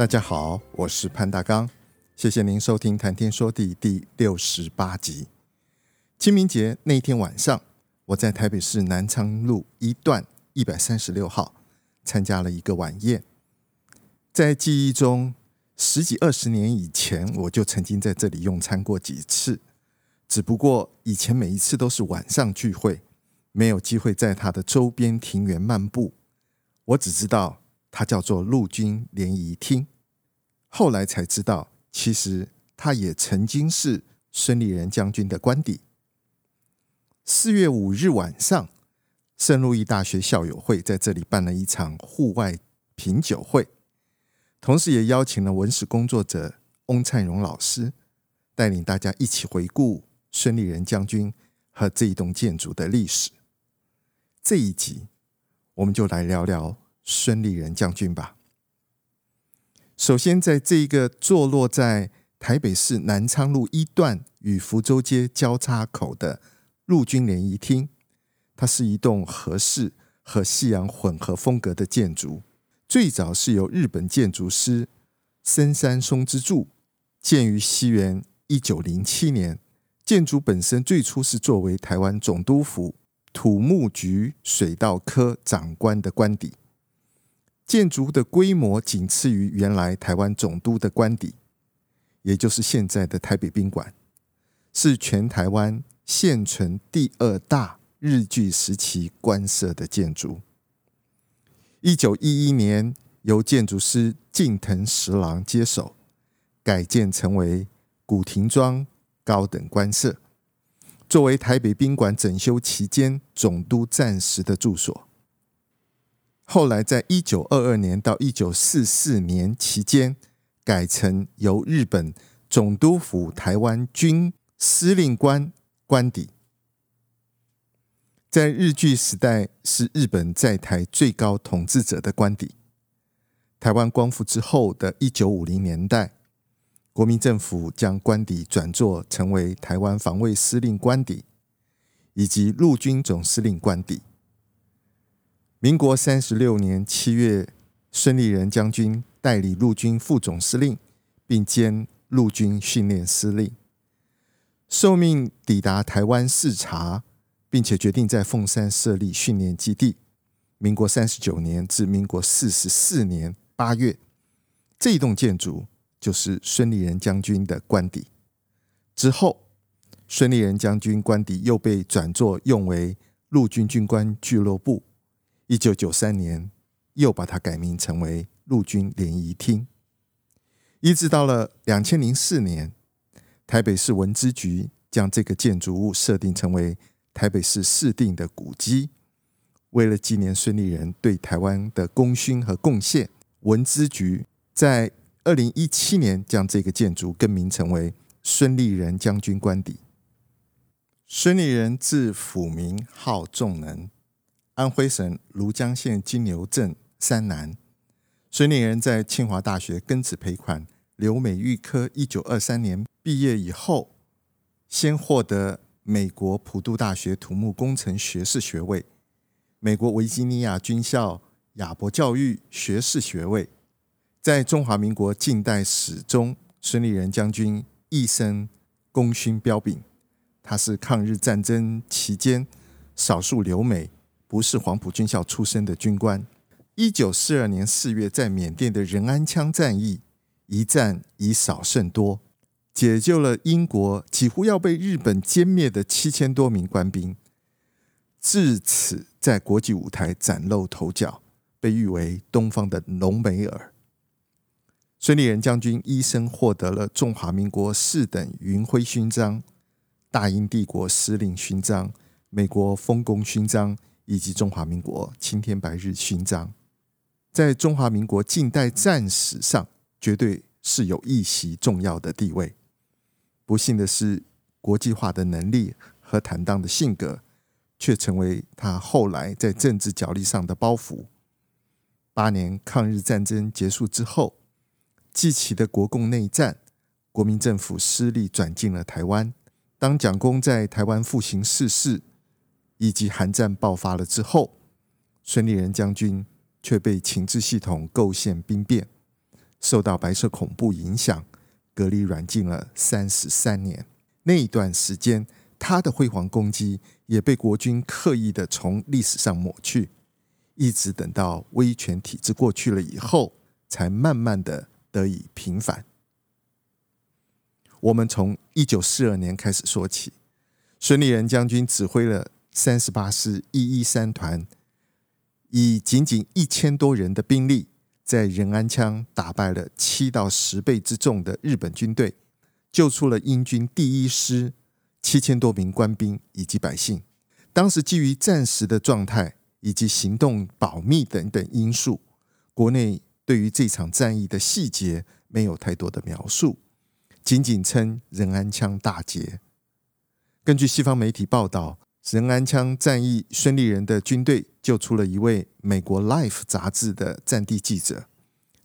大家好，我是潘大剛，謝謝您收聽《談天說地》第六十八集。清明節那天晚上，我在台北市南昌路一段一百三十六號參加了一個晚宴。在記憶中，十幾二十年以前，我就曾經在這裡用餐過幾次，只不過以前每一次都是晚上聚會，沒有機會在它的周邊庭園漫步。我只知道。他叫做陸軍聯誼廳，後來才知道，其實他也曾經是孫立人將軍的官邸。四月五日晚上，聖路易大學校友會在這裡辦了一場戶外品酒會，同時也邀請了文史工作者翁燦榮老師，帶領大家一起回顧孫立人將軍和這一棟建築的歷史。這一集，我們就來聊聊。孫立人將軍吧。首先，在這一個坐落在台北市南昌路一段與福州街交叉口的陸軍聯誼廳，它是一棟和式和西洋混合風格的建築。最早是由日本建築師森山松之助建於西元一九零七年。建築本身最初是作為台灣總督府土木局水道科長官的官邸。建築的規模僅次於原來台灣總督的官邸，也就是現在的台北賓館，是全台灣現存第二大日據時期官舍的建築。一九一一年由建築師近藤十郎接手，改建成為古亭莊高等官舍，作為台北賓館整修期間總督暫時的住所。後來，在一九二二年到一九四四年期間，改成由日本總督府台灣軍司令官官邸。在日據時代，是日本在台最高統治者的官邸。台灣光復之後的一九五零年代，國民政府將官邸轉作成為台灣防衛司令官邸，以及陸軍總司令官邸。民國三十六年七月，孫立人將軍代理陸軍副總司令，並兼陸軍訓練司令，受命抵達台灣視察，並且決定在鳳山設立訓練基地。民國三十九年至民國四十四年八月，這一棟建築就是孫立人將軍的官邸。之後，孫立人將軍官邸又被轉作用為陸軍軍官俱樂部。一九九三年，又把它改名成為陸軍聯誼廳，一直到了兩千零四年，台北市文資局將這個建築物設定成為台北市市定的古蹟。為了紀念孫立人對台灣的功勳和貢獻，文資局在二零一七年將這個建築更名成為孫立人將軍官邸。孫立人字撫民，號仲能。安徽省廬江縣金牛鎮山南，孫立人在清華大學庚子賠款留美預科，一九二三年畢業以後，先獲得美國普渡大學土木工程學士學位，美國維吉尼亞軍校亞伯教育學士學位。在中華民國近代史中，孫立人將軍一生功勳彪炳，他是抗日戰爭期間少數留美。不是黃埔軍校出身的軍官。一九四二年四月，在緬甸的仁安羌戰役，一戰以少勝多，解救了英國幾乎要被日本殲滅的七千多名官兵。至此，在國際舞台嶄露頭角，被譽為“東方的隆美爾”。孫立人將軍一生獲得了中華民國四等雲輝勳章、大英帝國司令勳章、美國豐功勳章。以及中華民國青天白日勳章，在中華民國近代戰史上絕對是有一席重要的地位。不幸的是，國際化的能力和坦蕩的性格，卻成為他後來在政治角力上的包袱。八年抗日戰爭結束之後，繼起的國共內戰，國民政府失利，轉進了台灣。當蔣公在台灣復行視事。以及韓戰爆發了之後，孫立人將軍卻被情治系統構陷兵變，受到白色恐怖影響，隔離軟禁了三十三年。那一段時間，他的輝煌功績也被國軍刻意的從歷史上抹去，一直等到威權體制過去了以後，才慢慢的得以平反。我們從一九四二年開始說起，孫立人將軍指揮了。三十八師一一三團以僅僅一千多人的兵力，在仁安羌打敗了七到十倍之眾的日本軍隊，救出了英軍第一師七千多名官兵以及百姓。當時基於戰時的狀態以及行動保密等等因素，國內對於這場戰役的細節沒有太多的描述，僅僅稱仁安羌大捷。根據西方媒體報道。仁安羌戰役，孫立人的軍隊救出了一位美國《Life》雜誌的戰地記者。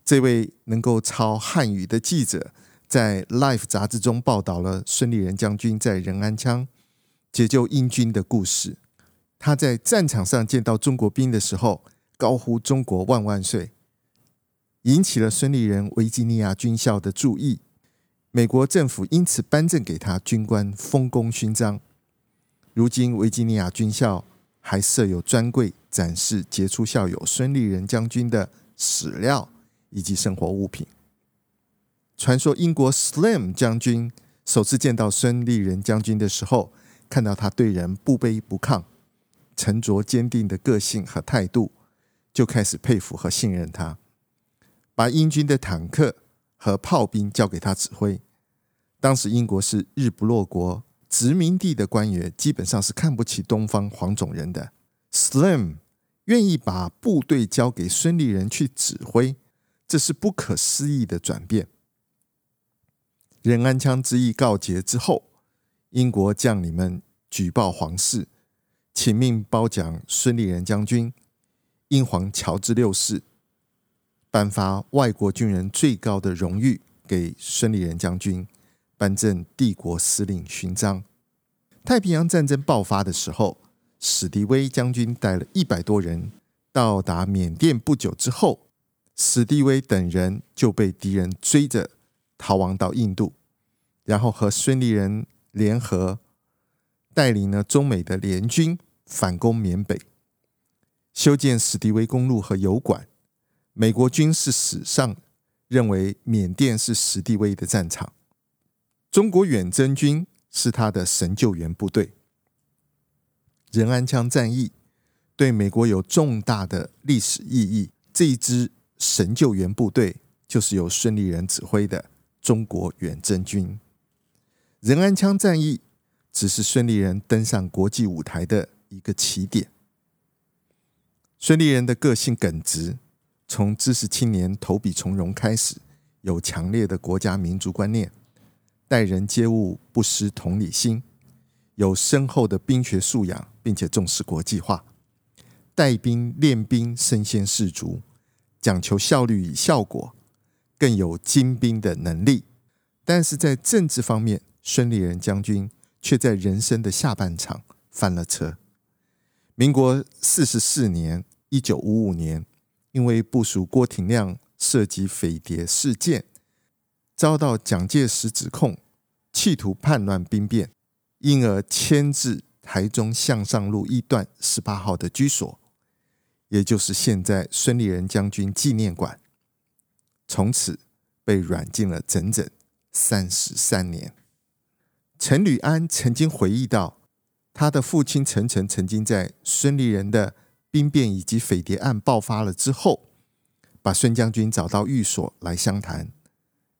這位能夠操漢語的記者在《Life》雜誌中報道了孫立人將軍在仁安羌解救英軍的故事。他在戰場上見到中國兵的時候，高呼“中國萬萬歲”，引起了孫立人維吉尼亞軍校的注意。美國政府因此頒贈給他軍官豐功勳章。如今，維吉尼亞軍校還設有專櫃展示傑出校友孫立人將軍的史料以及生活物品。傳說，英國 Slim 將軍首次見到孫立人將軍的時候，看到他對人不卑不亢、沉着堅定的個性和態度，就開始佩服和信任他，把英軍的坦克和炮兵交給他指揮。當時，英國是日不落國。殖民地的官員基本上是看不起東方黃種人的。Slim 願意把部隊交給孫立人去指揮，這是不可思議的轉變。仁安羌之役告捷之後，英國將領們舉報皇室，請命褒獎孫立人將軍。英皇喬治六世頒發外國軍人最高的榮譽給孫立人將軍。頒贈帝國司令勳章。太平洋戰爭爆發的時候，史迪威將軍帶了一百多人到達緬甸。不久之後，史迪威等人就被敵人追着逃亡到印度，然後和孫立人聯合，帶領了中美的聯軍反攻緬北，修建史迪威公路和油管。美國軍事史上認為緬甸是史迪威的戰場。中國遠征軍是他的神救援部隊。仁安羌戰役對美國有重大的歷史意義。這一支神救援部隊就是由孫立人指揮的中國遠征軍。仁安羌戰役只是孫立人登上國際舞台的一個起點。孫立人的個性耿直，從知識青年投筆從戎開始，有強烈的國家民族觀念。待人接物不失同理心，有深厚的兵學素養，並且重視國際化。帶兵練兵身先士卒，講求效率與效果，更有精兵的能力。但是在政治方面，孫立人將軍卻在人生的下半場翻了車。民國四十四年（一九五五年），因為部屬郭廷亮涉及匪諜事件。遭到蔣介石指控，企圖叛亂兵變，因而遷至台中向上路一段十八號的居所，也就是現在孫立人將軍紀念館。從此被軟禁了整整三十三年。陳履安曾經回憶到，他的父親陳誠曾經在孫立人的兵變以及匪諜案爆發了之後，把孫將軍找到寓所來相談。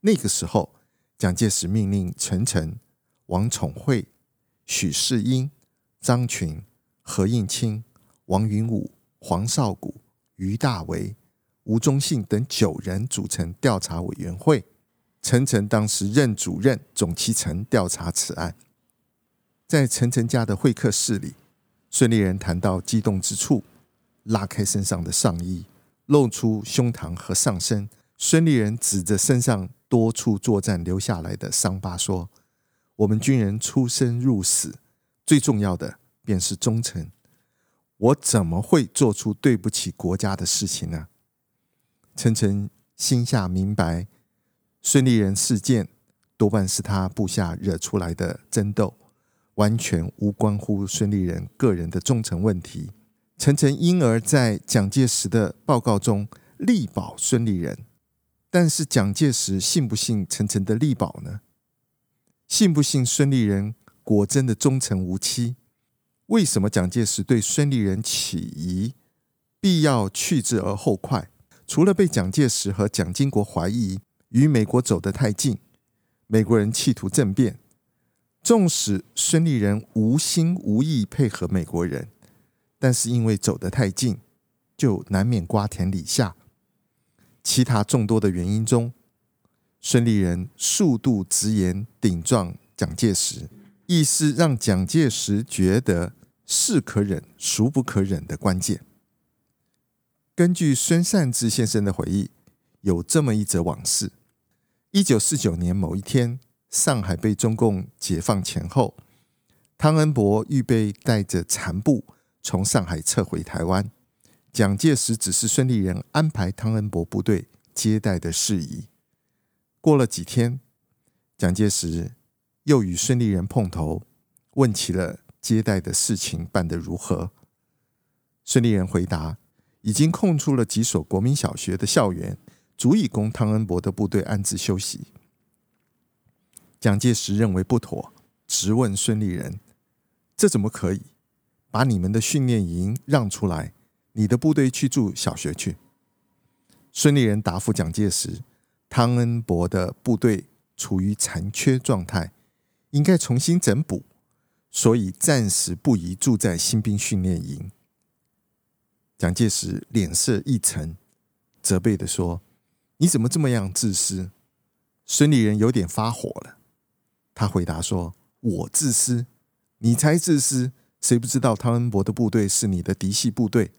那個時候，蔣介石命令陳誠、王寵惠、許世英、張群、何應欽、王雲五、黃少谷、俞大為、吳忠信等九人組成調查委員會。陳誠當時任主任，總其成調查此案。在陳誠家的會客室裡，孫立人談到激動之處，拉開身上的上衣，露出胸膛和上身。孫立人指着身上。多處作戰留下來的傷疤，說：“我們軍人出生入死，最重要的便是忠誠。我怎麼會做出對不起國家的事情呢？”陳誠心下明白，孫立人事件多半是他部下惹出來的爭鬥，完全無關乎孫立人個人的忠誠問題。陳誠因而，在蔣介石的報告中力保孫立人。但是蔣介石信不信陳誠的力保呢？信不信孫立人果真的忠誠無欺？為什麼蔣介石對孫立人起疑，必要去之而後快？除了被蔣介石和蔣經國懷疑與美國走得太近，美國人企圖政變，縱使孫立人無心無意配合美國人，但是因為走得太近，就難免瓜田李下。其他眾多的原因中，孫立人數度直言頂撞蔣介石，亦是讓蔣介石覺得是可忍孰不可忍的關鍵。根據孫善志先生的回憶，有這麼一則往事：一九四九年某一天，上海被中共解放前後，湯恩伯預備帶着殘部從上海撤回台灣。蔣介石指示孫立人安排湯恩伯部隊接待的事宜。過了幾天，蔣介石又與孫立人碰頭，問起了接待的事情辦得如何。孫立人回答：“已經空出了幾所國民小學的校園，足以供湯恩伯的部隊安置休息。”蔣介石認為不妥，直問孫立人：“這怎麼可以？把你們的訓練營讓出來？”你的部隊去住小學去。孫立人答覆蔣介石：“湯恩伯的部隊處於殘缺狀態，應該重新整補，所以暫時不宜住在新兵訓練營。”蔣介石臉色一沉，責備地說：“你怎麼這麼樣自私？”孫立人有點發火了，他回答說：“我自私？你才自私！誰不知道湯恩伯的部隊是你的嫡系部隊？”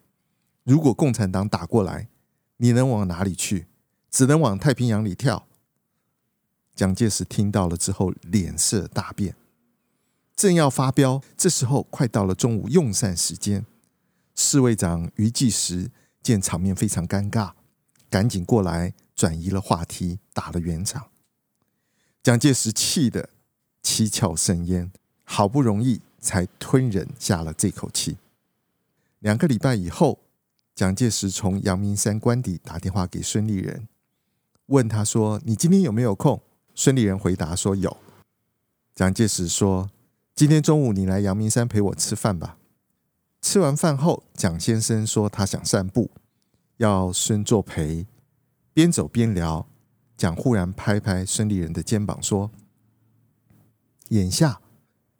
如果共產黨打過來，你能往哪裡去？只能往太平洋裡跳。蔣介石聽到了之後，臉色大變，正要發飆。這時候快到了中午用膳時間，侍衛長俞濟時見場面非常尷尬，趕緊過來轉移了話題，打了圓場。蔣介石氣得七竅生煙，好不容易才吞忍下了這口氣。兩個禮拜以後。蔣介石從陽明山官邸打電話給孫立人，問他說：“你今天有沒有空？”孫立人回答說：“有。”蔣介石說：“今天中午你來陽明山陪我吃飯吧。”吃完飯後，蔣先生說他想散步，要孫作陪。邊走邊聊，蔣忽然拍拍孫立人的肩膀說：“眼下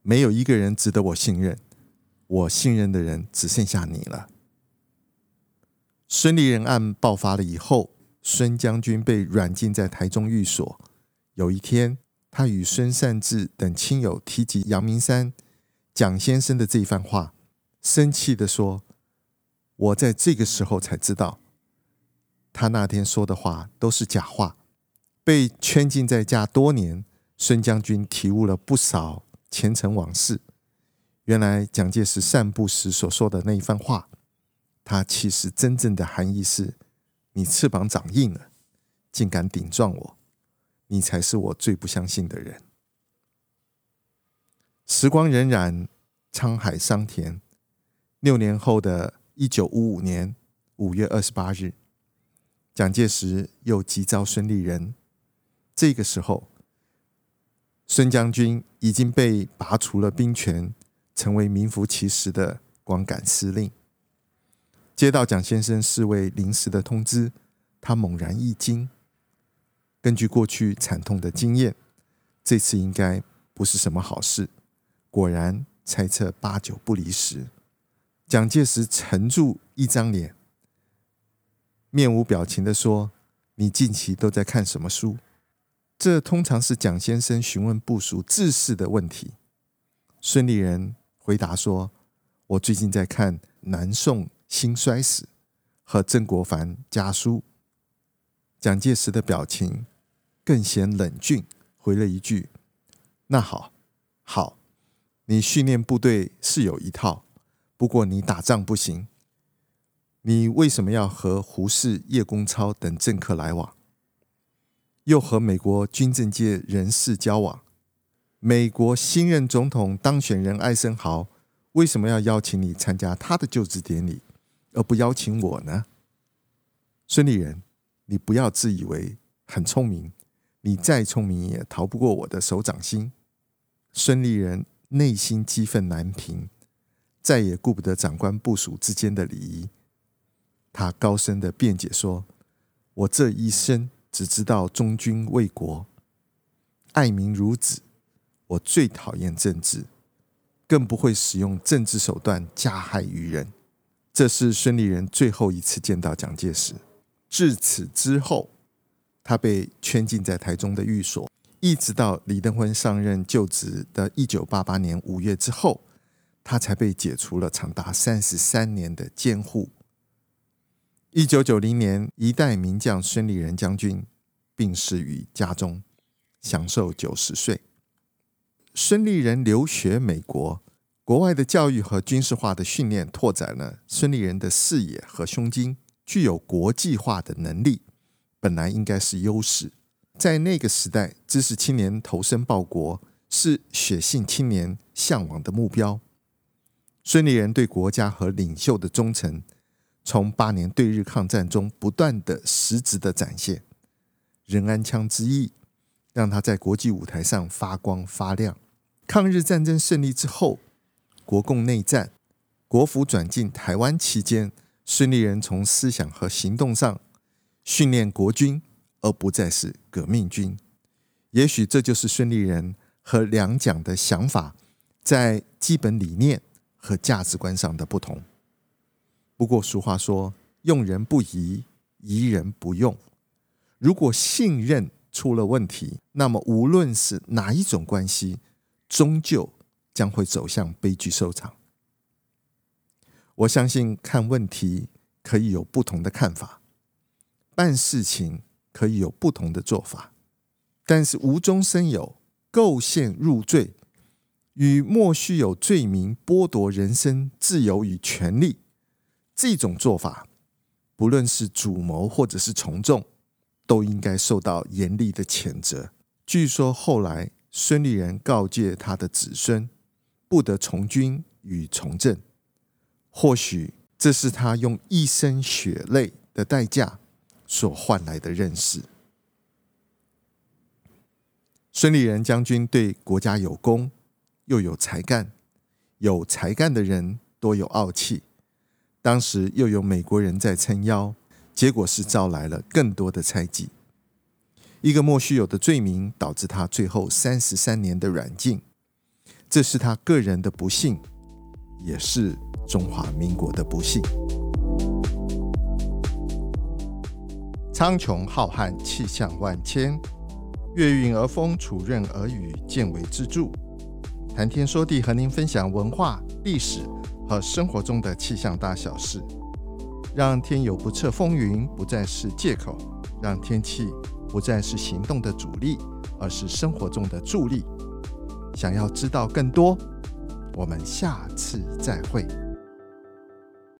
沒有一個人值得我信任，我信任的人只剩下你了。”孫立人案爆發了以後，孫將軍被軟禁在台中寓所。有一天，他與孫善志等親友提及陽明山、蔣先生的這一番話，生氣地說：“我在這個時候才知道，他那天說的話都是假話。”被圈禁在家多年，孫將軍體悟了不少前塵往事。原來蔣介石散步時所說的那一番話。他其實真正的含義是：你翅膀長硬了，竟敢頂撞我！你才是我最不相信的人。時光荏苒，滄海桑田。六年後的一九五五年五月二十八日，蔣介石又急召孫立人。這個時候，孫將軍已經被拔除了兵權，成為名副其實的光桿司令。接到蔣先生侍衛臨時的通知，他猛然一驚。根據過去慘痛的經驗，這次應該不是什麼好事。果然，猜測八九不離十。蔣介石沉住一張臉，面無表情地說：“你近期都在看什麼書？”這通常是蔣先生詢問部屬制式的問題。孫立人回答說：“我最近在看南宋。”心衰死和曾國藩家書，蔣介石的表情更顯冷峻，回了一句：“那好，好，你訓練部隊是有一套，不過你打仗不行。你為什麼要和胡適、葉公超等政客來往，又和美國軍政界人士交往？美國新任總統當選人艾森豪為什麼要邀請你參加他的就職典禮？”而不邀請我呢，孫立人，你不要自以為很聰明，你再聰明也逃不過我的手掌心。孫立人內心激憤難平，再也顧不得長官部屬之間的禮儀，他高聲的辯解說：“我這一生只知道忠君為國，愛民如子，我最討厭政治，更不會使用政治手段加害於人。”這是孫立人最後一次見到蔣介石。至此之後，他被圈禁在台中的寓所，一直到李登輝上任就職的一九八八年五月之後，他才被解除了長達三十三年的監護。一九九零年，一代名將孫立人將軍病逝於家中，享壽九十歲。孫立人留學美國。國外的教育和軍事化的訓練拓展了孫立人的視野和胸襟，具有國際化的能力，本來應該是優勢。在那個時代，知識青年投身報國是血性青年向往的目標。孫立人對國家和領袖的忠誠，從八年對日抗戰中不斷的實質的展現，仁安羌之役，讓他在國際舞台上發光發亮。抗日戰爭勝利之後。國共內戰，國府轉進台灣期間，孫立人從思想和行動上訓練國軍，而不再是革命軍。也許這就是孫立人和兩蔣的想法，在基本理念和價值觀上的不同。不過俗話說：“用人不疑，疑人不用。”如果信任出了問題，那麼無論是哪一種關係，終究。將會走向悲劇收場。我相信看問題可以有不同的看法，辦事情可以有不同的做法，但是無中生有、構陷入罪與莫須有罪名剝奪人身自由與權利，這種做法，不論是主謀或者是從眾，都應該受到嚴厲的譴責。據說後來孫立人告誡他的子孫。不得從軍與從政，或許這是他用一身血淚的代價所換來的認識。孫立人將軍對國家有功，又有才幹。有才幹的人多有傲氣，當時又有美國人在撐腰，結果是招來了更多的猜忌。一個莫須有的罪名，導致他最後三十三年的軟禁。這是他個人的不幸，也是中華民國的不幸。蒼穹浩瀚，氣象萬千，月暈，而風，礎潤而雨，見微知著。談天說地，和您分享文化、歷史和生活中的氣象大小事，讓天有不測風雲不再是借口，讓天氣不再是行動的阻力，而是生活中的助力。想要知道更多，我們下次再會。